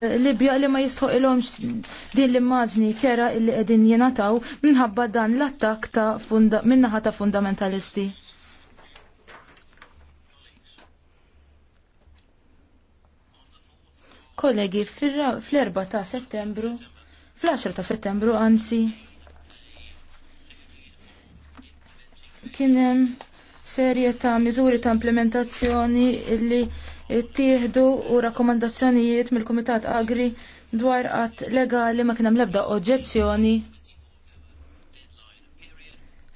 Libja li ma il-omx din l-immaġni kera illi qegħdin jingħataw minħabba dan l-attak ta' funda, minnaħa ta' fundamentalisti. Kollegi, fl-4 ta' settembru, fl-10 ta' settembru anzi, kienem serje ta' miżuri ta' implementazzjoni li ttieħdu u rakkomandazzjonijiet mill-Kumitat Agri dwar qatt legali ma kien hemm l-ebda oġġezzjoni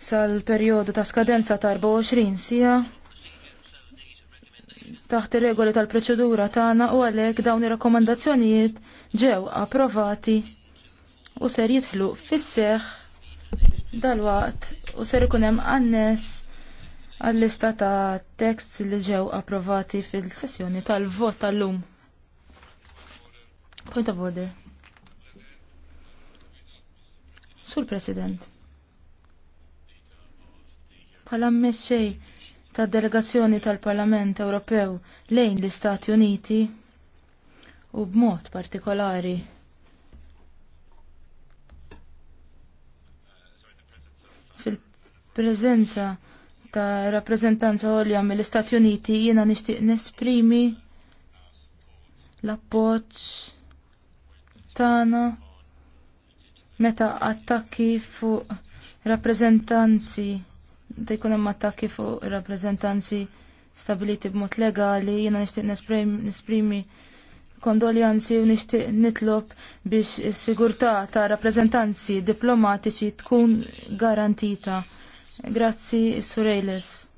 sal-perjodu ta' skadenza ta' 24 sija taħt ir-regoli tal-proċedura tagħna u għalhekk dawn ir-rakkomandazzjonijiet ġew approvati u ser jidħlu fis-seħħ dalwaqt u ser ikun hemm annes għall-lista ta' teksts li ġew approvati fil-sessjoni tal-vot tal-lum. Point of order. Sur President. Pala mmexxej ta' delegazzjoni tal-Parlament Ewropew lejn l-Istati Uniti u b'mod partikolari fil-preżenza ta' rappreżentanza għolja mill-Istati Uniti jiena nixtieq nesprimi l-appoġġ tagħna meta attakki fuq rappreżentanzi ta' jkun hemm attakki fuq rappreżentanzi stabiliti b'mod legali jiena nixtieq nesprimi kondoljanzi u nixtieq nitlob biex is-sigurtà ta' rappreżentanzi diplomatiċi tkun garantita. Grazzi, Surejles.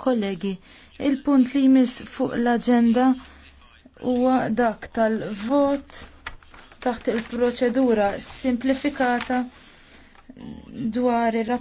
Kollegi, il-punt li jmiss fuq l-agenda huwa dak tal-vot taħt il-proċedura simplifikata dwar ir